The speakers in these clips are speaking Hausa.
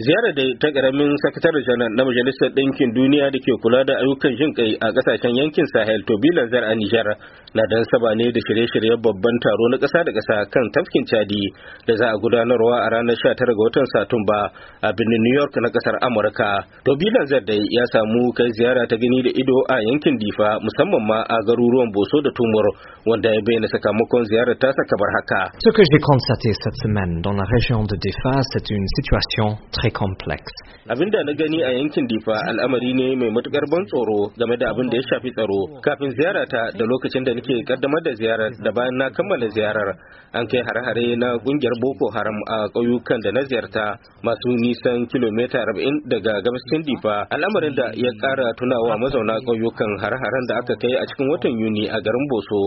Ziyara da ta karamin sakatar janar na majalisar ɗinkin duniya da ke kula da ayyukan jin kai a ƙasashen yankin sahel to bilan zar a nijar na dan saba ne da shirye-shiryen babban taro na ƙasa da ƙasa kan tafkin chadi da za a gudanarwa a ranar 19 ga watan satumba a birnin new york na ƙasar amurka to bilan zar dai ya samu kai ziyara ta gani da ido a yankin difa musamman ma a garuruwan boso da tumur wanda ya bayyana sakamakon ziyarar ta kamar haka ce que j'ai constaté cette semaine dans la région de difa c'est une situation très complexe. Abin da na gani a yankin Difa al'amari ne mai matukar ban tsoro game da abin da ya shafi tsaro. Kafin ziyarata da lokacin da nake kaddamar da ziyarar da bayan na kammala ziyarar an kai hare-hare na kungiyar Boko Haram a ƙauyukan da na ziyarta masu nisan kilomita 40 daga gabashin Difa. Al'amarin da ya ƙara tunawa mazauna ƙauyukan hare-haren da aka kai a cikin watan Yuni a garin Boso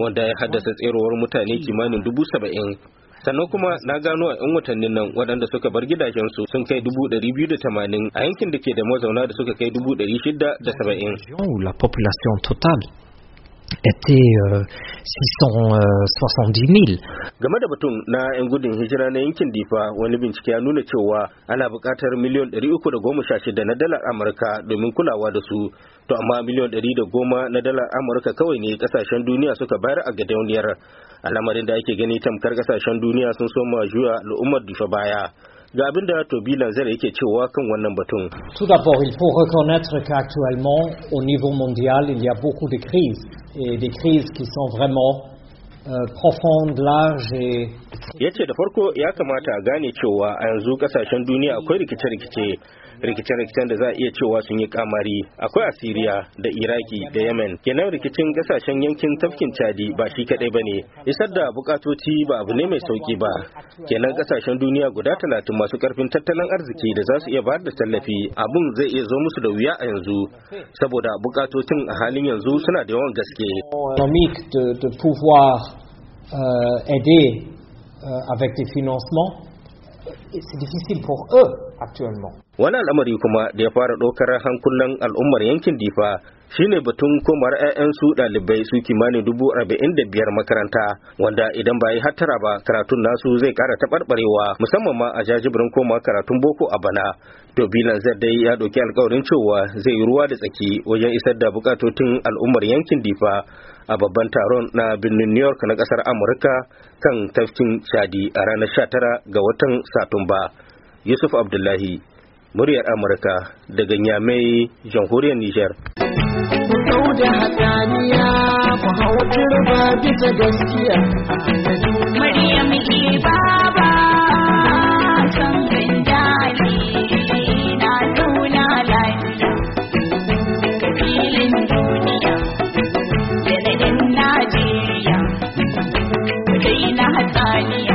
wanda ya haddasa tserowar mutane kimanin dubu saba'in sannan kuma na gano a 'yan watannin nan waɗanda suka bar gidajensu sun kai dubu ɗari biyu da tamanin a yankin da ke da mazauna da suka kai dubu ɗari shida da saba'in. La population totale était euh, euh, Game da batun na 'yan gudun hijira na yankin Difa wani bincike ya nuna cewa ana buƙatar miliyon 316 na dalar Amurka domin kulawa da su. To amma miliyon 110 na dalar Amurka kawai ne kasashen duniya suka bayar a gadauniyar. Al'amarin da ake gani tamkar kasashen duniya sun soma juya al'ummar Difa baya. Tout d'abord, il faut reconnaître qu'actuellement, au niveau mondial, il y a beaucoup de crises et des crises qui sont vraiment euh, profondes, larges et ya ce da farko ya kamata a gane cewa a yanzu kasashen duniya akwai rikice-rikice rikice-rikicen da za a iya cewa sun yi kamari akwai asiriya da iraki da yemen kenan rikicin kasashen yankin tafkin chadi ba shi kadai ba ne isar da bukatoci ba abu ne mai sauki ba kenan kasashen duniya guda talatin masu karfin tattalin arziki da za su iya bayar da tallafi abun zai iya zo musu da wuya a yanzu saboda bukatocin a halin yanzu suna da yawan gaske. Ede. Euh, avec des financements, euh, c'est difficile pour eux actuellement. Wani al'amari kuma da ya fara ɗaukar hankulan al'ummar yankin Difa shi ne batun komar 'ya'yansu ɗalibai su kimanin dubu arba'in da biyar makaranta wanda idan ba yi hattara ba karatun nasu zai ƙara taɓarɓarewa musamman ma a jajibirin koma karatun boko a bana. To bilan dai ya ɗauki alkawarin cewa zai yi ruwa da tsaki wajen isar da bukatotin al'ummar yankin Difa a babban taron na birnin New York na kasar Amurka kan tafkin Chadi a ranar 19 ga watan Satumba. Yusuf Abdullahi, muryar Amurka daga Nyamai, jamhuriyar Nijar. Mai hatsaniya yi na hatsaniya